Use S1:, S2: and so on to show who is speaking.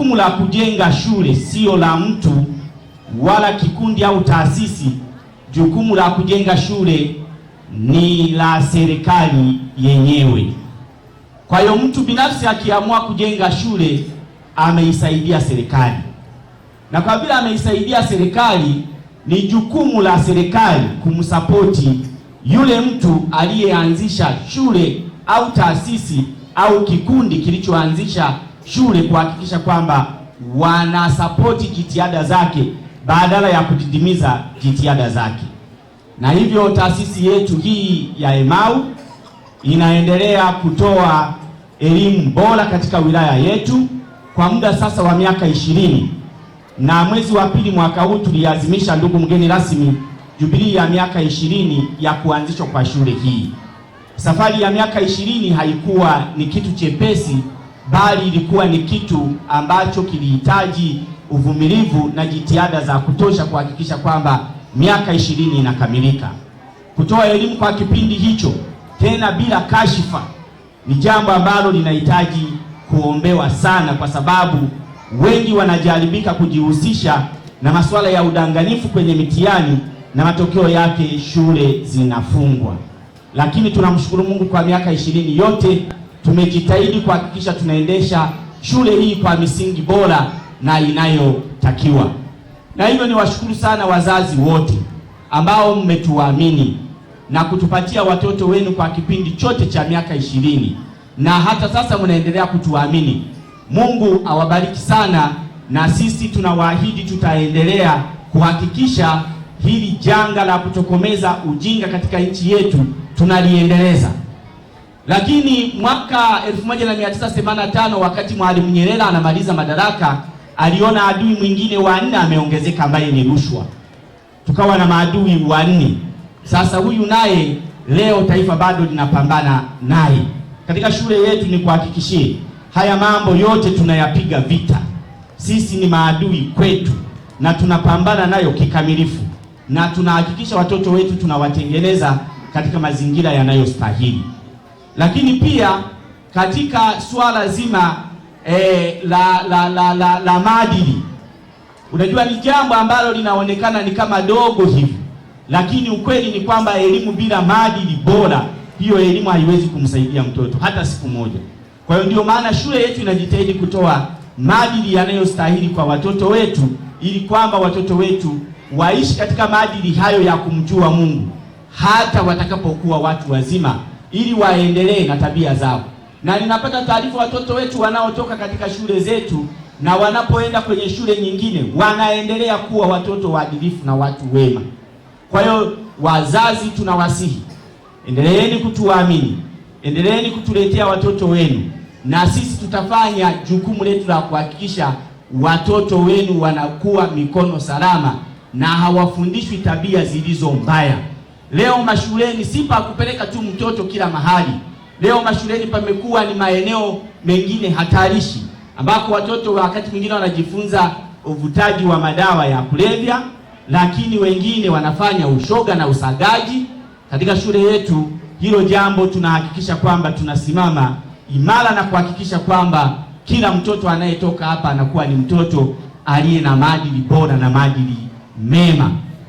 S1: Jukumu la kujenga shule sio la mtu wala kikundi au taasisi. Jukumu la kujenga shule ni la serikali yenyewe. Kwa hiyo mtu binafsi akiamua kujenga shule ameisaidia serikali, na kwa vile ameisaidia serikali, ni jukumu la serikali kumsapoti yule mtu aliyeanzisha shule au taasisi au kikundi kilichoanzisha shule kuhakikisha kwamba wanasapoti jitihada zake badala ya kudidimiza jitihada zake, na hivyo taasisi yetu hii ya Emau inaendelea kutoa elimu bora katika wilaya yetu kwa muda sasa wa miaka ishirini na mwezi wa pili mwaka huu tuliazimisha, ndugu mgeni rasmi, jubilii ya miaka ishirini ya kuanzishwa kwa shule hii. Safari ya miaka ishirini haikuwa ni kitu chepesi, bali ilikuwa ni kitu ambacho kilihitaji uvumilivu na jitihada za kutosha kuhakikisha kwamba miaka ishirini inakamilika. Kutoa elimu kwa kipindi hicho tena bila kashifa ni jambo ambalo linahitaji kuombewa sana, kwa sababu wengi wanajaribika kujihusisha na masuala ya udanganyifu kwenye mitihani na matokeo yake shule zinafungwa. Lakini tunamshukuru Mungu kwa miaka ishirini yote tumejitahidi kuhakikisha tunaendesha shule hii kwa misingi bora na inayotakiwa. Na hivyo niwashukuru sana wazazi wote ambao mmetuamini na kutupatia watoto wenu kwa kipindi chote cha miaka ishirini na hata sasa mnaendelea kutuamini. Mungu awabariki sana, na sisi tunawaahidi tutaendelea kuhakikisha hili janga la kutokomeza ujinga katika nchi yetu tunaliendeleza. Lakini mwaka 1985 wakati Mwalimu Nyerere anamaliza madaraka, aliona adui mwingine wa nne ameongezeka, ambaye ni rushwa. Tukawa na maadui wanne. Sasa huyu naye leo taifa bado linapambana naye. Katika shule yetu ni kuhakikishie haya mambo yote tunayapiga vita. Sisi ni maadui kwetu, na tunapambana nayo kikamilifu, na tunahakikisha watoto wetu tunawatengeneza katika mazingira yanayostahili lakini pia katika swala zima e, la, la, la, la, la maadili. Unajua ni jambo ambalo linaonekana ni kama dogo hivi, lakini ukweli ni kwamba elimu bila maadili bora, hiyo elimu haiwezi kumsaidia mtoto hata siku moja. Kwa hiyo ndio maana shule yetu inajitahidi kutoa maadili yanayostahili kwa watoto wetu, ili kwamba watoto wetu waishi katika maadili hayo ya kumjua Mungu hata watakapokuwa watu wazima ili waendelee na tabia zao, na ninapata taarifa watoto wetu wanaotoka katika shule zetu na wanapoenda kwenye shule nyingine wanaendelea kuwa watoto waadilifu na watu wema. Kwa hiyo wazazi, tunawasihi endeleeni kutuamini, endeleeni kutuletea watoto wenu, na sisi tutafanya jukumu letu la kuhakikisha watoto wenu wanakuwa mikono salama na hawafundishwi tabia zilizo mbaya. Leo mashuleni si pa kupeleka tu mtoto kila mahali. Leo mashuleni pamekuwa ni maeneo mengine hatarishi, ambako watoto wakati mwingine wanajifunza uvutaji wa madawa ya kulevya, lakini wengine wanafanya ushoga na usagaji. Katika shule yetu hilo jambo tunahakikisha kwamba tunasimama imara na kuhakikisha kwamba kila mtoto anayetoka hapa anakuwa ni mtoto aliye na maadili bora na maadili mema.